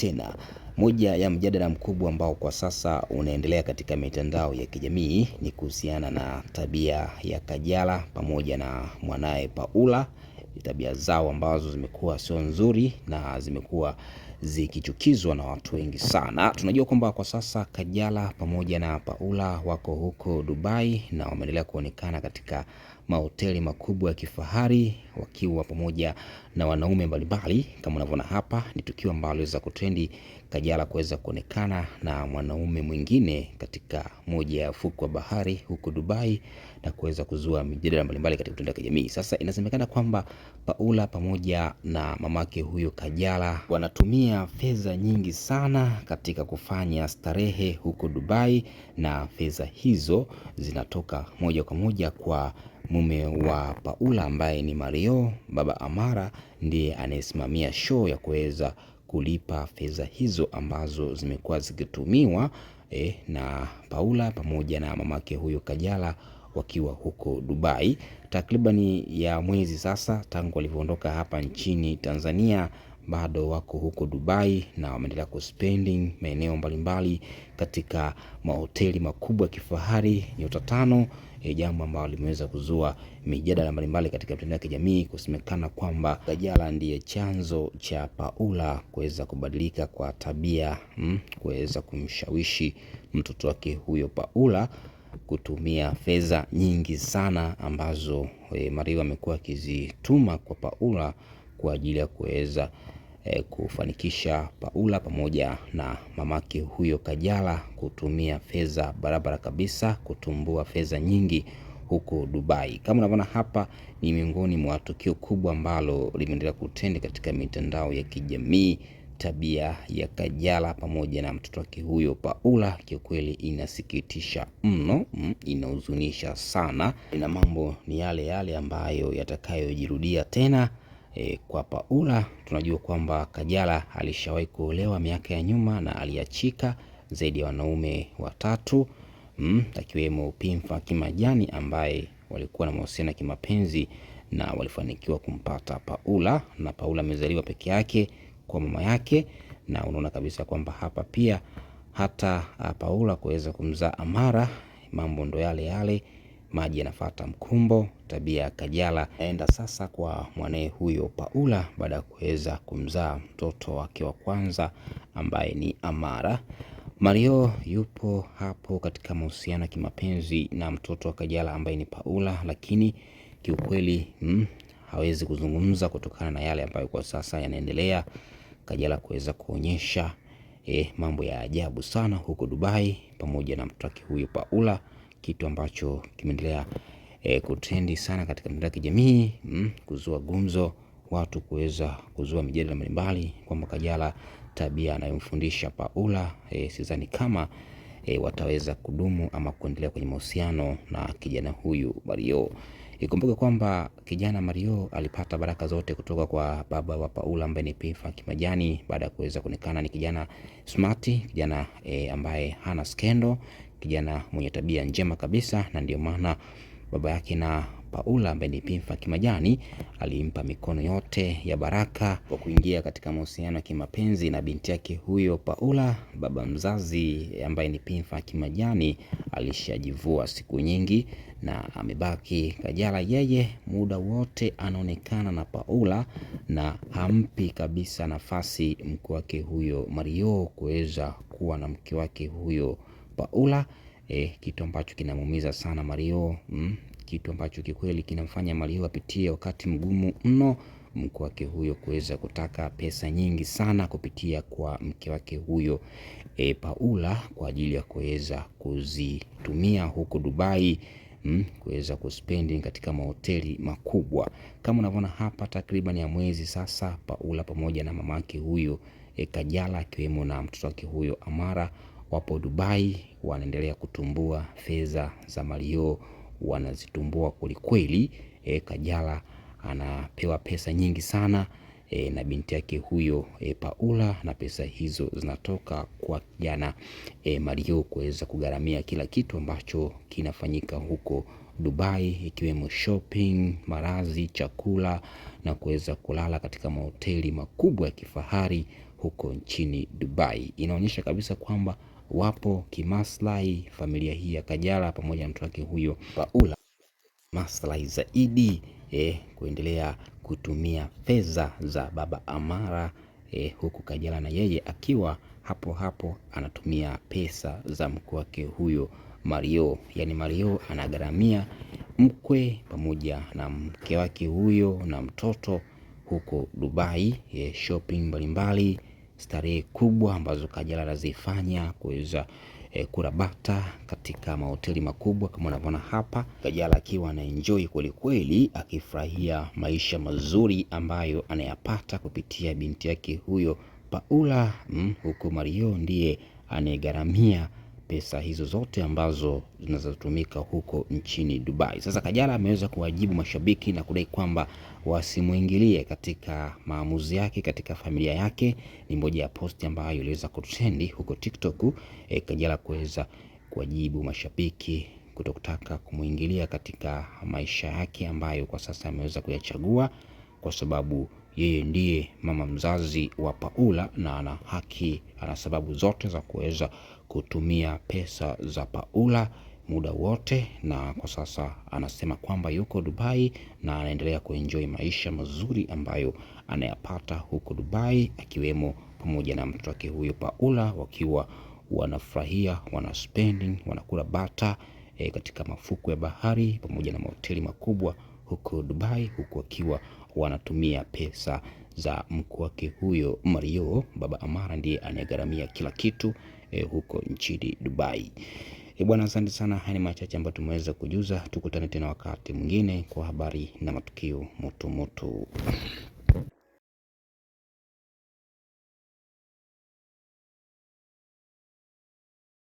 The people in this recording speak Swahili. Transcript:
tena. Moja ya mjadala mkubwa ambao kwa sasa unaendelea katika mitandao ya kijamii ni kuhusiana na tabia ya Kajala pamoja na mwanaye Paula, tabia zao ambazo zimekuwa sio nzuri na zimekuwa zikichukizwa na watu wengi sana. Tunajua kwamba kwa sasa Kajala pamoja na Paula wako huko Dubai na wameendelea kuonekana katika mahoteli makubwa ya kifahari wakiwa pamoja na wanaume mbalimbali kama unavyoona hapa. Ni tukio ambalo liweza kutrendi Kajala kuweza kuonekana na mwanaume mwingine katika moja ya fukwe wa bahari huko Dubai na kuweza kuzua mijadala mbalimbali katika mitandao ya kijamii. Sasa inasemekana kwamba Paula pamoja na mamake huyo Kajala wanatumia fedha nyingi sana katika kufanya starehe huko Dubai na fedha hizo zinatoka moja kwa moja kwa Mume wa Paula ambaye ni Mario, baba Amara, ndiye anayesimamia show ya kuweza kulipa fedha hizo ambazo zimekuwa zikitumiwa eh, na Paula pamoja na mamake huyo Kajala wakiwa huko Dubai takribani ya mwezi sasa tangu walivyoondoka hapa nchini Tanzania. Bado wako huko Dubai na wameendelea kuspending maeneo mbalimbali katika mahoteli makubwa ya kifahari nyota tano. Eh, jambo ambalo limeweza kuzua mijadala mbalimbali katika mitandao ya kijamii, kusemekana kwamba Kajala ndiye chanzo cha Paula kuweza kubadilika kwa tabia mm, kuweza kumshawishi mtoto wake huyo Paula kutumia fedha nyingi sana ambazo e, eh, Mario amekuwa akizituma kwa Paula kwa ajili ya kuweza Eh, kufanikisha Paula pamoja na mamake huyo Kajala kutumia fedha barabara kabisa, kutumbua fedha nyingi huko Dubai. Kama unavyoona hapa, ni miongoni mwa tukio kubwa ambalo limeendelea kutendi katika mitandao ya kijamii. Tabia ya Kajala pamoja na mtoto wake huyo Paula kiukweli inasikitisha mno, mm, inahuzunisha sana, na mambo ni yale yale ambayo yatakayojirudia tena E, kwa Paula tunajua kwamba Kajala alishawahi kuolewa miaka ya nyuma na aliachika zaidi ya wanaume watatu mm, akiwemo Pimfa Kimajani ambaye walikuwa na mahusiano ya kimapenzi na walifanikiwa kumpata Paula, na Paula amezaliwa peke yake kwa mama yake, na unaona kabisa kwamba hapa pia hata ah, Paula kuweza kumzaa Amara mambo ndo yale yale maji yanafata mkumbo, tabia ya Kajala. Naenda sasa kwa mwanaye huyo Paula baada ya kuweza kumzaa mtoto wake wa kwanza ambaye ni Amara. Mario yupo hapo katika mahusiano ya kimapenzi na mtoto wa Kajala ambaye ni Paula, lakini kiukweli mm, hawezi kuzungumza kutokana na yale ambayo kwa sasa yanaendelea. Kajala kuweza kuonyesha eh, mambo ya ajabu sana huko Dubai pamoja na mtoto wake huyo Paula kitu ambacho kimeendelea e, kutrendi sana katika mitandao ya kijamii mm, kuzua gumzo, watu kuweza kuzua mijadala mbalimbali kwamba Kajala tabia anayomfundisha Paula e, sidhani kama e, wataweza kudumu ama kuendelea kwenye mahusiano na kijana huyu Mario. Ikumbuke kwamba kijana Mario alipata baraka zote kutoka kwa baba wa Paula ambaye ni Pifa Kimajani, baada ya kuweza kuonekana ni kijana smart, kijana e, ambaye hana skendo, kijana mwenye tabia njema kabisa, na ndio maana baba yake na Paula ambaye ni Pimfa Kimajani alimpa mikono yote ya baraka kwa kuingia katika mahusiano ya kimapenzi na binti yake huyo Paula. Baba mzazi ambaye ni Pimfa Kimajani alishajivua siku nyingi na amebaki Kajala. Yeye muda wote anaonekana na Paula na hampi kabisa nafasi mke wake huyo Mario kuweza kuwa na mke wake huyo Paula eh, kitu ambacho kinamuumiza sana Mario mm, kitu ambacho kikweli kinamfanya Mario apitie wakati mgumu mno mke wake huyo kuweza kutaka pesa nyingi sana kupitia kwa mke wake huyo e, Paula kwa ajili ya kuweza kuzitumia huko Dubai mm, kuweza kuspendi katika mahoteli makubwa kama unavyoona hapa, takriban ya mwezi sasa, Paula pamoja na mamake huyo e, Kajala akiwemo na mtoto wake huyo Amara wapo Dubai wanaendelea kutumbua fedha za Mario wanazitumbua kwelikweli. E, Kajala anapewa pesa nyingi sana e, na binti yake huyo e, Paula, na pesa hizo zinatoka kwa kijana e, Mario kuweza kugharamia kila kitu ambacho kinafanyika huko Dubai ikiwemo shopping, marazi, chakula na kuweza kulala katika mahoteli makubwa ya kifahari huko nchini Dubai. Inaonyesha kabisa kwamba wapo kimaslahi familia hii ya Kajala pamoja na mtoto wake huyo Paula, maslahi zaidi eh, kuendelea kutumia fedha za baba Amara eh, huku Kajala na yeye akiwa hapo hapo anatumia pesa za mkwe wake huyo Mario, yani Mario anagharamia mkwe pamoja na mke wake huyo na mtoto huko Dubai, eh, shopping mbalimbali starehe kubwa ambazo Kajala anazifanya kuweza e, eh, kurabata katika mahoteli makubwa kama unavyoona hapa, Kajala akiwa anaenjoy kwelikweli, akifurahia maisha mazuri ambayo anayapata kupitia binti yake huyo Paula mm, huku Mario ndiye anayegharamia pesa hizo zote ambazo zinazotumika huko nchini Dubai. Sasa Kajala ameweza kuwajibu mashabiki na kudai kwamba wasimuingilie katika maamuzi yake katika familia yake. Ni moja ya posti ambayo iliweza kutrendi huko TikTok, e, Kajala kuweza kuwajibu mashabiki kutotaka kumuingilia katika maisha yake ambayo kwa sasa ameweza kuyachagua kwa sababu yeye ndiye mama mzazi wa Paula na ana haki, ana sababu zote za kuweza kutumia pesa za paula muda wote na kwa sasa anasema kwamba yuko Dubai na anaendelea kuenjoy maisha mazuri ambayo anayapata huko Dubai akiwemo pamoja na mtoto wake huyo Paula wakiwa wanafurahia, wana spending, wanakula bata e, katika mafuko ya bahari pamoja na mahoteli makubwa huko Dubai huku wakiwa wanatumia pesa za mkuu wake huyo Mario. Baba Amara ndiye anayegharamia kila kitu eh, huko nchini Dubai. E bwana, asante sana. Haya ni machache ambayo tumeweza kujuza. Tukutane tena wakati mwingine kwa habari na matukio moto.